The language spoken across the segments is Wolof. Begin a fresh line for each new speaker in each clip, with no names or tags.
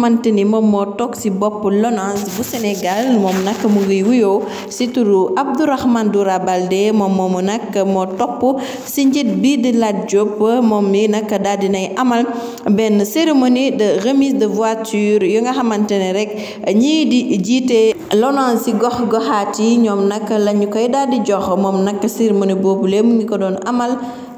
xamante ni moom moo toog si bopp LONASE bu Sénégal moom nag mu ngi wuyoo si turu Abdourahmane Doura Baldé moom moomu nag moo topp si njiit bii di Lat Diop moom mi nag daal dinay amal benn cérémonie de remise de voiture yi nga xamante ne rek ñii di jiite LONASE si gox goxaat yi ñoom nag la koy daal di jox moom nag cérémonie boobu le mu ngi ko doon amal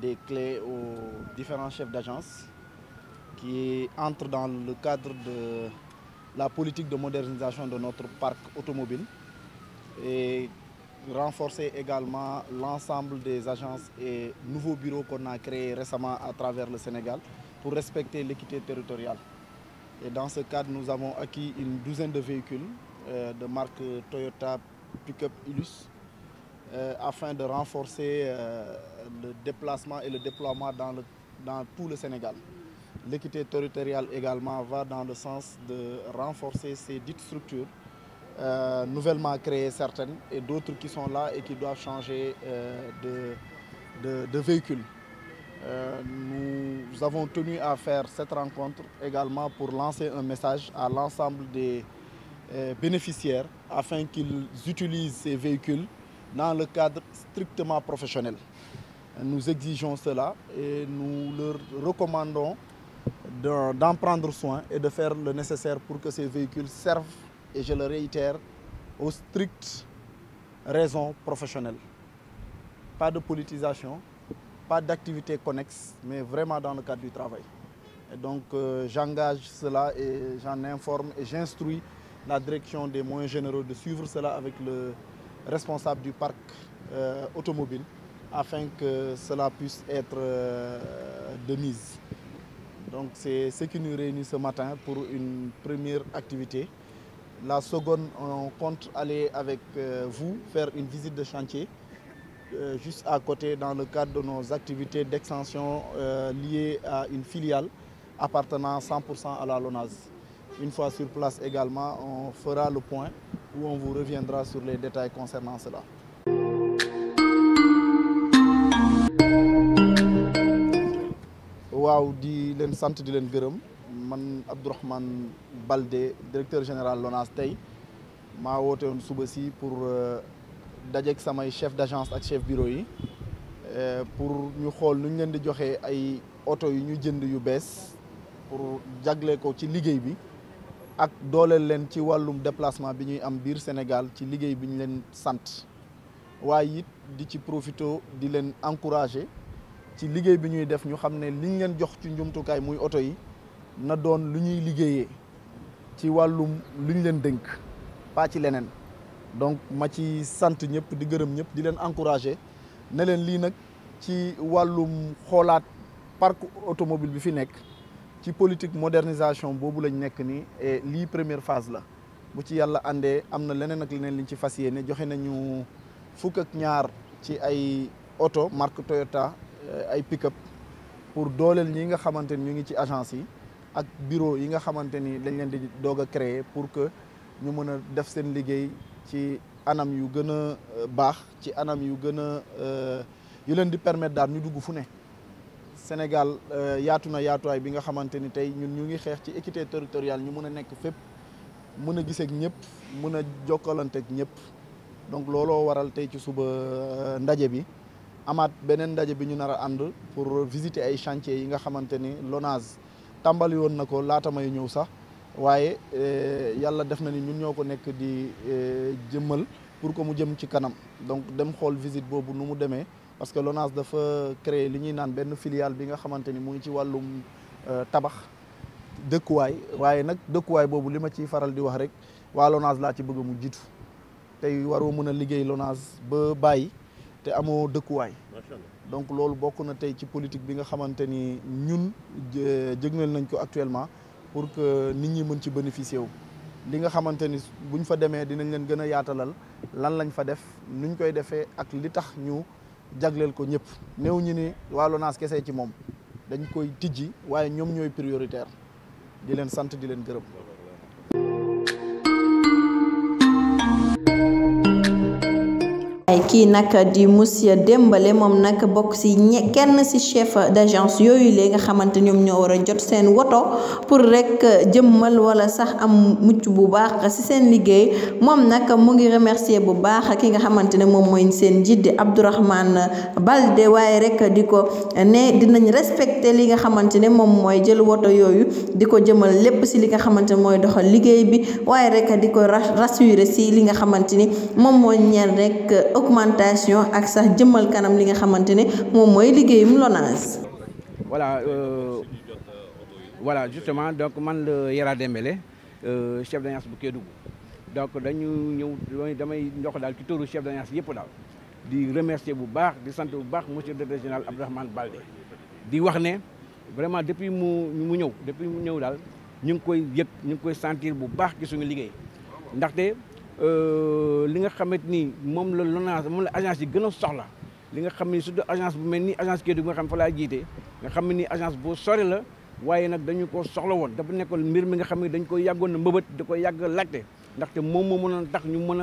des clés aux différents chefs d'agence qui entrent dans le cadre de la politique de modernisation de notre parc automobile et renforcer également l'ensemble des agences et nouveaux bureaux qu'on a créés récemment à travers le Sénégal pour respecter l'équité territoriale. Et dans ce cadre, nous avons acquis une douzaine de véhicules euh, de marque Toyota Pickup Illus euh, afin de renforcer euh, le déplacement et le déploiement dans, tout le Sénégal. L'équité territoriale également va dans le sens de renforcer ces dites structures, euh, nouvellement créées certaines et d'autres qui sont là et qui doivent changer de, de, de, véhicule. nous avons tenu à faire cette rencontre également pour lancer un message à l'ensemble des bénéficiaires afin qu'ils utilisent ces véhicules dans le cadre strictement professionnel. Nous exigeons cela et nous leur recommandons d'en prendre soin et de faire le nécessaire pour que ces véhicules servent, et je le réitère, aux strictes raisons professionnelles. Pas de politisation, pas d'activité connexe, mais vraiment dans le cadre du travail. Et donc euh, j'engage cela et j'en informe et j'instruis la direction des moyens généraux de suivre cela avec le responsable du parc euh, automobile afin que cela puisse être euh, de mise. Donc c'est ce qui nous réunit ce matin pour une première activité. La seconde, on compte aller avec euh, vous faire une visite de chantier juste à côté dans le cadre de nos activités d'extension liées à une filiale appartenant 100% à la LONAS. Une fois sur place également, on fera le point où on vous reviendra sur les détails concernant cela. waaw di leen de di leen gërëm man Abdourahmane Baldé directeur général l'ONAS Tay. Je suis venu suba si pour euh, avec samay chef d'agence et chef bureau yi euh, pour ñu xool nu ñu leen di joxee ay oto yu ñu jënd pour jagle ko ci liggéey bi ak dooleel leen ci wàllum déplacement bi ñuy am biir Sénégal ci liggéey bi ñu leen sant waaye it di ci profito di leen encourager ci liggéey bi ñuy def ñu xam ne liñ leen jox ci njumtukaay muy oto yi na doon lu ñuy liggéeyee ci wàllum lu ñu leen dënk pas ci leneen donc ma ci sant ñëpp di gërëm ñëpp di leen encourager ne leen lii nag ci wàllum xoolaat parc automobile bi fi nekk ci politique modernisation boobu lañ nekk nii et lii première phase la bu ci yàlla àndee am na leneen ak leneen liñ ci fas yéene joxe nañu fukk ak ñaar ci ay oto marque Toyota euh, ay pickup. pour dooleel ñi nga xamante ni ñu ci agence yi ak bureau yi nga xamante ni dañ leen di doog créer pour que ñu mën a def seen liggéey ci anam yu gën a euh, ci anam yu gën euh, yu leen di permettre daal ñu dugg fu ne Sénégal euh, yaatu na yaatuwaay bi nga xamante ni tey ñun ñu ngi xeex ci équité territoriale ñu mun a nekk fépp mun a giseek ñëpp mun a jokkalanteek ñëpp donc looloo waral tey ci suba euh, ndaje bi amaat beneen ndaje bi ñu nar a ànd pour visiter ay chantier yi nga xamante ni LONASE tàmbali woon na ko laata may ñëw sax waaye euh, yàlla def na ni ñun ñoo ko nekk di jëmmal pour que mu jëm ci kanam donc dem xool visite boobu nu mu demee parce que LONASE dafa créer li ñuy naan benn filiale bi nga xamante ni mu ngi ci wàllum euh, tabax dëkkuwaay waaye nag dëkkuwaay boobu li ma ciy faral di wax rek waa LONASE laa ci bëgg mu jiitu tey waroo mën a liggéey LONASE ba bàyyi te amoo dëkkuwaay donc loolu bokk na tey ci politique bi nga xamante ni ñun jëgnal nañ ko actuellement pour que nit ñi mën ci bénéficier wu li nga xamante ni buñ fa demee dinañ leen gën a yaatalal lan lañ fa def nuñ koy defee ak li tax ñu jagleel ko ñëpp néew ñu ni waa LONASE kese ci moom dañ koy tijji waaye ñoom ñooy prioritaire di leen sant di leen gërëm
ay kii nag di monsieur Dembélé moom nag bokk si ñe kenn si chef d'agence yooyu lee nga xamante ñoom ñoo war a jot seen woto pour rek jëmmal wala sax am mucc bu baax si seen liggéey moom nag mu ngi remercier bu baax ak ki nga xamante ne moom mooy seen njiit di Abdourahmane Baldé waaye rek di ko ne dinañ respecter li nga xamante ne moom mooy jël woto yooyu di ko jëmal lépp si li nga xamante ne mooy doxal liggéey bi moom mooy ñeel rek augmentation ak sax jëmmal kanam li nga xamantene mom moy mooy liggéeyum LONASE.
voilà euh, voilà justement donc man le Yara Dembélé euh, chef d'agence bu Kédougou donc dañu ñëw damay ndox dal ci turu chef d'agence yépp dal di remercier bu baax di sant bu baax monsieur le directeur général Abdourahmane balde di wax né vraiment depuis mu mu ñëw depuis mu ñëw dal ñu ngi koy yëg ñu ngi koy sentir bu baax ci suñu liggéey ndaxte. Eh, li nga xamante ni moom la l'agence moom la agence yi gën a soxla li nga xam ni su dee agence bu mel ni agence kii nga xam fa laa jiite nga xam ni agence boo sori la waaye nag dañu ko soxla woon dafa nekkoon mbir mi nga xam ne dañ ko yàggoon na mbëbët da ko yàgg laajte ndaxte moom moo mën a tax ñu mën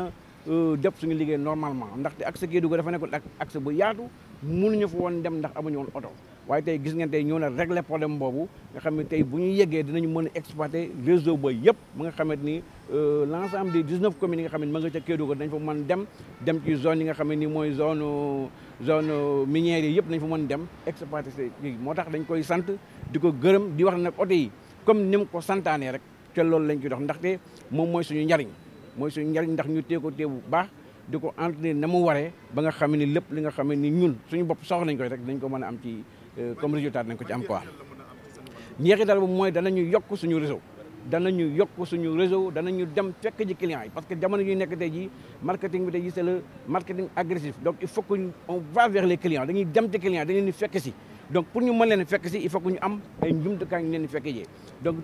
a waaye tey gis ngeen tey ñëw na régler problème boobu nga xam ne tey bu ñu yeggee dinañu mën a exploiter réseau ba yëpp ba nga xamante ni euh, l' ensemble des 19 communes yi nga xam ne ma nga ca Kédougou dañ fa mën dem dem zone yi nga xam ne ni mooy zone zone minière yi yëpp nañ fa mën dem exploiter kii moo tax dañ koy sant di ko gërëm di wax nag ko yi comme ni mu ko santaanee rek te loolu lañ koy dox ndaxte moom mooy suñu njariñ mooy suñu njariñ ndax ñu téye ko téye bu baax di ko entretenir ne mu waree ba nga xam ni lépp li nga xam ne ni ñun suñu bop soxla nañ koy rek dañ ko mën a am ci comme résultat dinañ ko ci am quoi njeexital bu mooy danañu yokk suñu réseau danañu yokk suñu réseau danañu dem fekk ji clients parce que jamono yi nekk tey jii marketing bi tey jii c'est le marketing agressif donc il faut que on fekk si donc pour ñu mën fekk si il faut que ñu am ay njumtukaay ñu leen fekk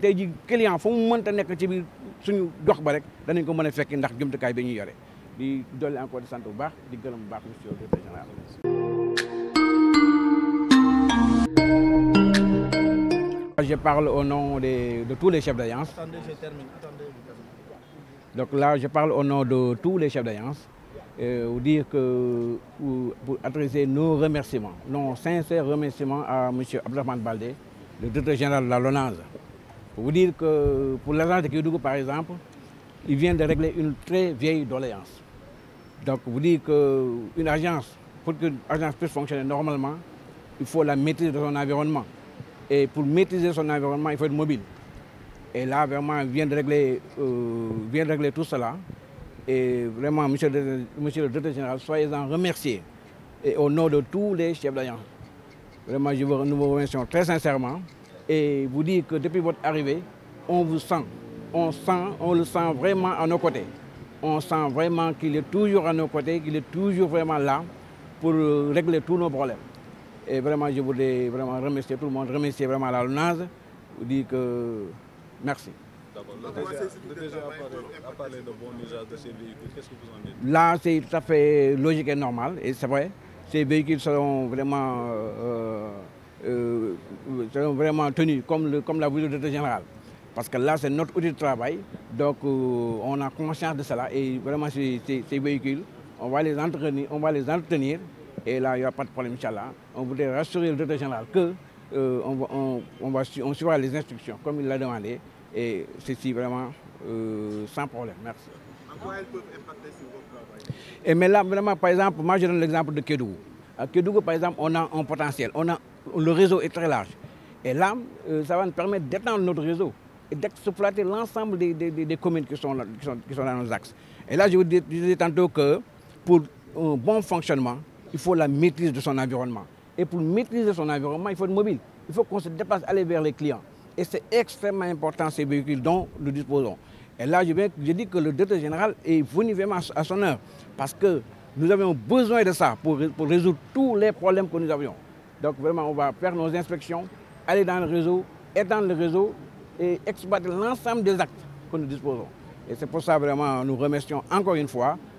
tey jii client fu mu nekk ci biir suñu dox ba rek danañ ko mën a fekki ndax jumtukaay bi ñuy yore di dolli encore di sant bu baax di gërëm bu baax monsieur le président Je parle au nom de tous les chefs d'alliance.
Attendez, je termine.
Donc là, je parle au nom de tous les chefs d'alliance. Euh, dire que, pour, adresser nos remerciements, nos sincères remerciements à M. Abdelrahman Baldé, le directeur général de la LONANZE, Pour vous dire que pour l'agence de par exemple, il vient de régler une très vieille doléance. Donc, vous dire qu'une agence, pour qu'une agence puisse fonctionner normalement, il faut la maîtriser de son environnement. Et pour maîtriser son environnement, il faut être mobile. Et là, vraiment, vient régler, euh, vient de régler tout cela. Et vraiment, monsieur, le, monsieur le directeur général, soyez-en remerciés. Et au nom de tous les chefs d'agence. Vraiment, je vous, nous vous remercions très sincèrement. Et vous dire que depuis votre arrivée, on vous sent. On sent, on le sent vraiment à nos côtés. On sent vraiment qu'il est toujours à nos côtés, qu'il est toujours vraiment là pour euh, régler tous nos problèmes. Et vraiment, je voudrais vraiment remercier tout le monde, remercier vraiment la vous dire que merci. Là, c'est tout à fait logique et normal, et c'est vrai. Ces véhicules seront vraiment, euh, euh, euh, vraiment tenus comme, le, comme la voiture de général, Parce que là, c'est notre outil de travail, donc on a conscience de cela, et vraiment, ces, véhicules, on va les entretenir, on va les entretenir et là, il n'y a pas de problème, Inch'Allah. On voudrait rassurer le directeur général que euh, on, va, on, suivra les instructions comme il l'a demandé. Et ceci vraiment euh, sans problème. Merci. Et mais là, vraiment, par exemple, moi je donne l'exemple de Kédougou. À Kédougou, par exemple, on a un potentiel. On a, le réseau est très large. Et là, euh, ça va nous permettre d'étendre notre réseau et d'exploiter l'ensemble des, communes qui sont, qui sont, qui, sont, dans nos axes. Et là, je vous disais tantôt que pour un bon fonctionnement, il faut la maîtrise de son environnement. Et pour maîtriser son environnement, il faut être mobile. Il faut qu'on se déplace, aller vers les clients. Et c'est extrêmement important ces véhicules dont nous disposons. Et là, je, dis que le directeur général est venu vraiment à son heure. Parce que nous avions besoin de ça pour, pour résoudre tous les problèmes que nous avions. Donc vraiment, on va faire nos inspections, aller dans le réseau, étendre le réseau et exploiter l'ensemble des actes que nous disposons. Et c'est pour ça vraiment, nous remercions encore une fois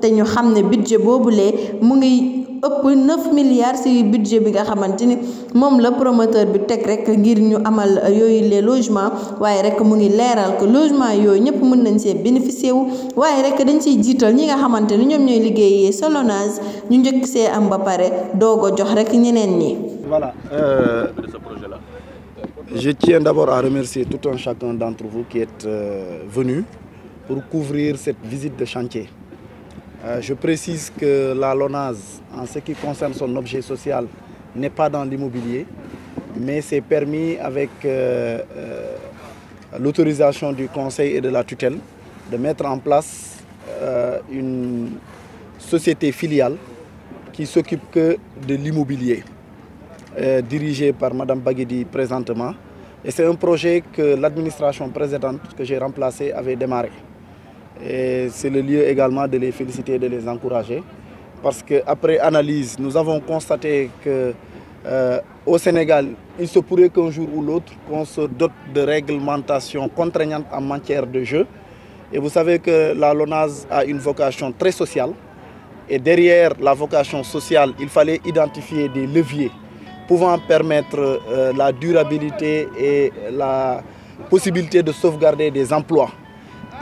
té ñu xamné budget bobu lé mu ngi ëpp 9 milliards ci budget bi nga xamante mom la promoteur bi teg rek ngir ñu amal yooyu les logements waaye rek mu ngi léral que logement yoy ñëpp mën nañ see bénéficier wu waaye rek dañ ci jiital ñi nga xamante ñom ñoy ñooy liggéeyee ñu njëkk sé am ba pare doog jox rek ñeneen ñi.
voilà euh, je tiens d'abord à remercier tout un chacun d'entre vous qui est euh, venu pour couvrir cette visite de chantier. Euh, je précise que la LONAS, en ce qui concerne son objet social, n'est pas dans l'immobilier, mais c'est permis avec euh, euh, l'autorisation du Conseil et de la tutelle de mettre en place une société filiale qui s'occupe que de l'immobilier, dirigée par Mme Baguedi présentement. Et c'est un projet que l'administration présidente que j'ai remplacée avait démarré. Et c'est le lieu également de les féliciter, et de les encourager. Parce qu'après analyse, nous avons constaté qu'au euh, Sénégal, il se pourrait qu'un jour ou l'autre, qu'on se dote de réglementations contraignantes en matière de jeu. Et vous savez que la LONAS a une vocation très sociale. Et derrière la vocation sociale, il fallait identifier des leviers pouvant permettre euh, la durabilité et la possibilité de sauvegarder des emplois.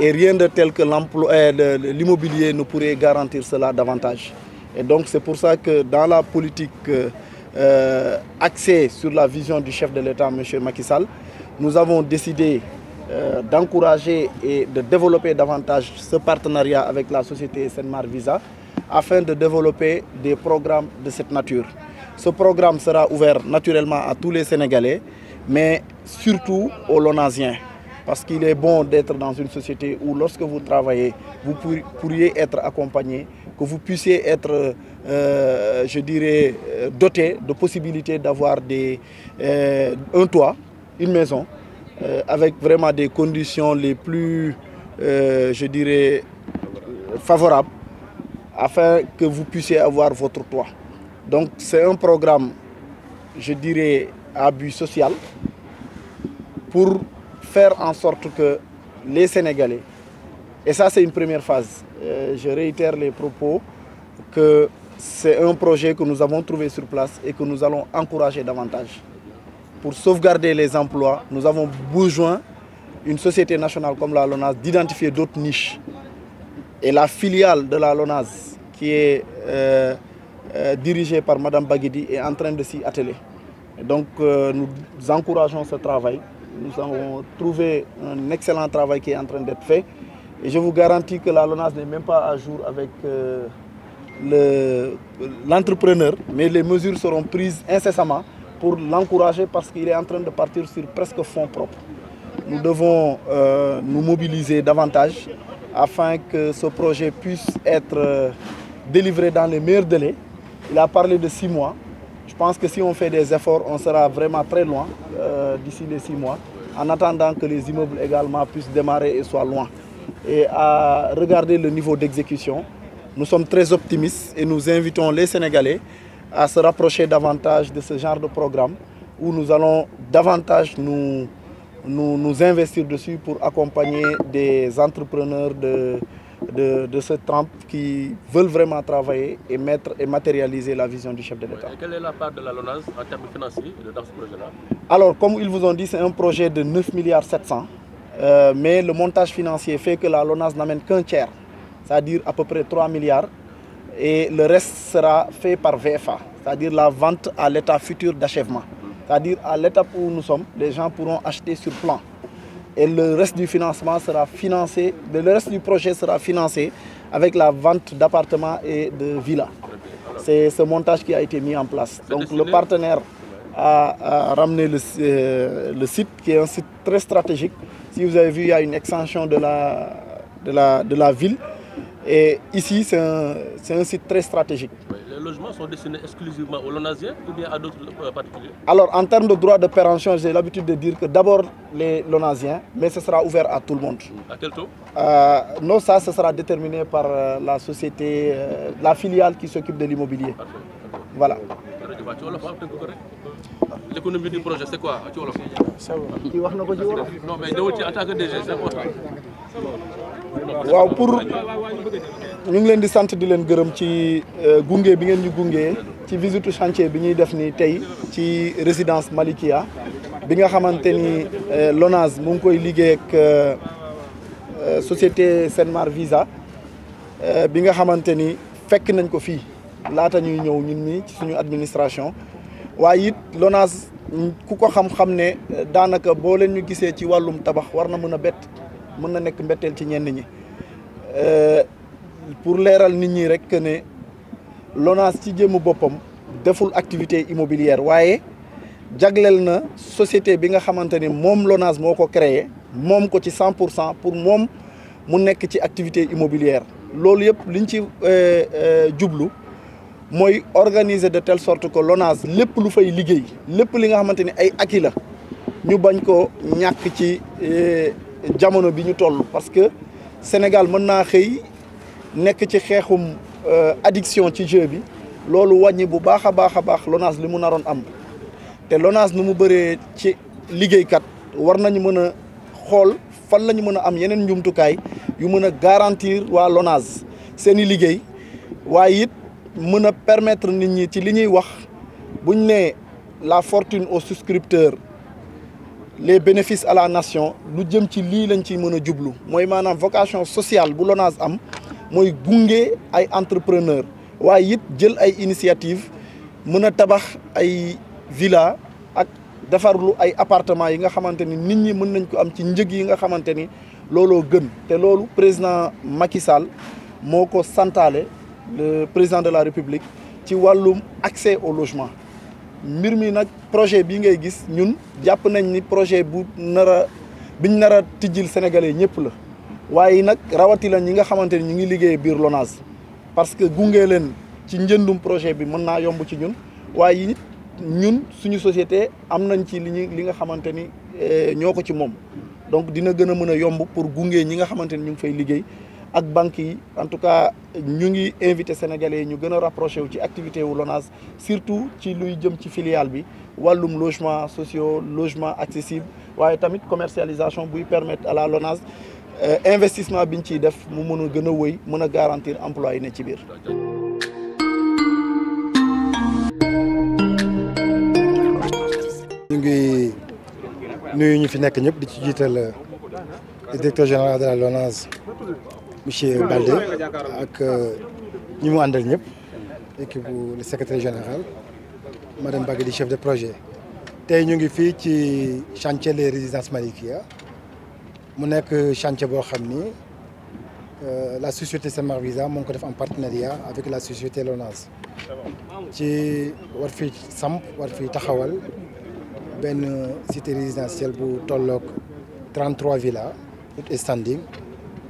Et rien de tel que euh, l'immobilier ne pourrait garantir cela davantage. Et donc c'est pour ça que dans la politique euh, euh, axée sur la vision du chef de l'État, M. Macky Sall, nous avons décidé d'encourager et de développer davantage ce partenariat avec la société Senmar Visa afin de développer des programmes de cette nature. Ce programme sera ouvert naturellement à tous les Sénégalais, mais surtout aux Lonasiens parce qu'il est bon d'être dans une société où lorsque vous travaillez, vous pourriez être accompagné, que vous puissiez être, euh, je dirais, euh, doté de possibilités d'avoir euh, un toit, une maison, avec vraiment des conditions les plus, je dirais, favorables, afin que vous puissiez avoir votre toit. Donc c'est un programme, je dirais, à but social pour faire en sorte que les Sénégalais, et ça c'est une première phase, euh, je réitère les propos, que c'est un projet que nous avons trouvé sur place et que nous allons encourager davantage. Pour sauvegarder les emplois, nous avons besoin, une société nationale comme la LONAS, d'identifier d'autres niches. Et la filiale de la LONAS, qui est euh, euh, dirigée par Mme Baguidi, est en train de s'y atteler. donc nous encourageons ce travail. Nous avons trouvé un excellent travail qui est en train d'être fait. Et je vous garantis que la LONAS n'est même pas à jour avec euh, l'entrepreneur, mais les mesures seront prises incessamment pour l'encourager parce qu'il est en train de partir sur presque fonds propres. Nous devons euh, nous mobiliser davantage afin que ce projet puisse être euh, délivré dans les meilleurs délais. Il a parlé de six mois. Je pense que si on fait des efforts, on sera vraiment très loin euh, d'ici les six mois, en attendant que les immeubles également puissent démarrer et soient loin. Et à regarder le niveau d'exécution, nous sommes très optimistes et nous invitons les Sénégalais à se rapprocher davantage de ce genre de programme où nous allons davantage nous, nous, nous investir dessus pour accompagner des entrepreneurs de, de, de ce qui veulent vraiment travailler et mettre et matérialiser la vision du chef de l'État. quelle est la part de la LONAS en termes financiers dans ce projet-là Alors, comme ils vous ont dit, c'est un projet de 9 milliards 700, euh, mais le montage financier fait que la LONAS n'amène qu'un tiers, c'est-à-dire à peu près 3 milliards, et le reste sera fait par VFA, c'est-à-dire la vente à l'état futur d'achèvement. C'est-à-dire à, à l'étape où nous sommes, les gens pourront acheter sur plan et le reste du financement sera financé, le reste du projet sera financé avec la vente d'appartements et de villas. C'est ce montage qui a été mis en place. Donc le partenaire a, ramené euh, le, site, qui est un site très stratégique. Si vous avez vu, il y a une extension de la ville. Et ici, c'est un, un, site très stratégique. Les logements sont destinés exclusivement aux Lonasiens ou bien à d'autres euh, particuliers Alors, en termes de droits de péremption, j'ai l'habitude de dire que d'abord les Lonasiens, mais ce sera ouvert à tout le monde. Hmm. À quel taux euh, Non, ça, ce sera déterminé par euh, la société, la filiale qui s'occupe de l'immobilier. Ah, voilà. L'économie du projet, c'est quoi Non, mais en tant que DG, c'est quoi waaw pour ñu ngi leen di sant di leen gërëm ci euh, gunge bi ngeen di gunge ci visite chantier bi ñuy def ni tey ci résidence Malikia bi nga xamante ni euh, LONASE mu ngi koy liggéey ak euh, société Senmar Visa bi nga xamante ni fekk nañ ko fii laata ñuy ñëw ñun ñi ci suñu administration waaye it LONASE ku ko xam-xam ne daanaka boo leen ñu gisee ci wàllum tabax war na mën a bett mën na nekk mbetteel ci ñenn ñi euh, pour leeral nit ñi rek ne LONASE ci jëmmu boppam deful activité immobilière waaye jagleel na société bi nga xamante ni moom LONASE moo ko créer moom ko ci cent pour cent pour moom mu nekk ci activité immobilière loolu yëpp liñ ci euh, euh, jublu mooy organiser de telle sorte que LONASE lépp lu fay liggéey lépp li nga xamante ni ay acquis la ñu bañ ko ñàkk ci jamono bi ñu toll parce que Sénégal mën naa xëy nekk ci xeexum euh, addiction ci jeu bi loolu wàññi bu baax a baax a baax LONASE li mu naroon am te LONASE nu mu bëree ci liggéeykat war nañu mën a xool fan lañu ñu mën a am yeneen njumtukaay yu mën a garantir waa LONASE seen i liggéey waaye it mën a permettre nit ñi ci li ñuy wax buñ ne la fortune au souscripteur les bénéfices à la nation lu jëm ci lii lañ ciy mën Moi, jublu mooy vocation sociale bu LONASE am mooy gunge ay entrepreneur waaye it jël ay initiative mën a tabax ay villa ak defarlu ay appartement yi nga xamante ni nit ñi mën ko am ci njëg yi nga xamante ni gën te loolu président Macky Sall moko le président de la République ci walum accès au logement mbir mi nag projet bii ngay gis ñun jàpp nañ ni projet bu nar a biñ nar a tijjil sénégalais ñëpp la waaye nag rawati ñi nga xamante ni ñu ngi liggéey biir LONASE parce que gunge leen ci njëndum projet bi mën naa yomb ci ñun waaye ñun suñu société am nañ ci li ñu li nga xamante ni eh, ñoo ko ci moom donc dina gën a mën a yomb pour gunge ñi nga xamante ni ñu ngi fay liggéey ak en tout cas nous ngi invité sénégalais ñu activité surtout ci luy filiale bi logement logement accessible tamit commercialisation buy permettre à la LONASE euh, investissement garantir emploi
yi directeur général de la monsieur Balde, avec euh, ñi mu àndal ñëpp le secrétaire général madame Bagui chef de projet Nous ñu ngi fii chantier les résidences Malikia mu nekk chantier boo xam euh, la société Saint Marvisa ngi ko en partenariat avec la société Lonase ci war fi samp war fi taxawal benn cité résidentielle bu tolloog 33 villas tout standing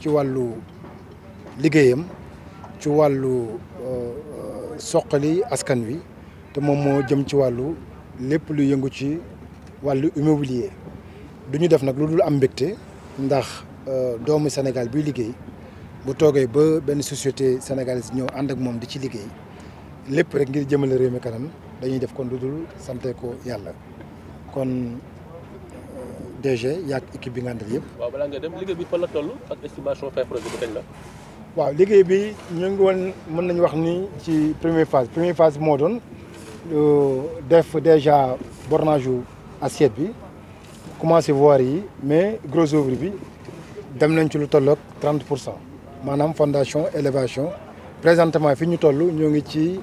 ci wàllu liggéeyam ci wàllu euh, euh, soqali askan wi te moom moo jëm ci wàllu lépp lu yëngu ci wàllu immobilier du ñu def nag lu dul am mbégte ndax euh, doomu Sénégal biy liggéey bu toogee ba benn société sénégalaise ñëw ànd ak moom di ci liggéey lépp rek ngir jëmale réew mi kanam dañuy def kon lu dul sante ko yàlla kon DG yaag équipe bi nga àndal yëpp.
waaw balaa nga dem liggéey bi fan la toll ak estimation fin projet bi kañ la.
waaw liggéey bi ñu ngi woon mën nañu wax ni ci première phase première phase moo doon euh, def déjà bornage assiette bi commencé voir yi mais gros œuvre bi dem nañ ci lu tolloog 30 pour fondation élévation présentement fi ñu toll ñoo ngi ci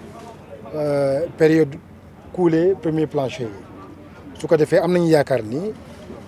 euh, période coulée premier plancher yi su ko defee am nañu yaakaar ni.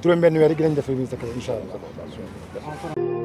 juróom benn weer yi dinañ def remise de clé incha allah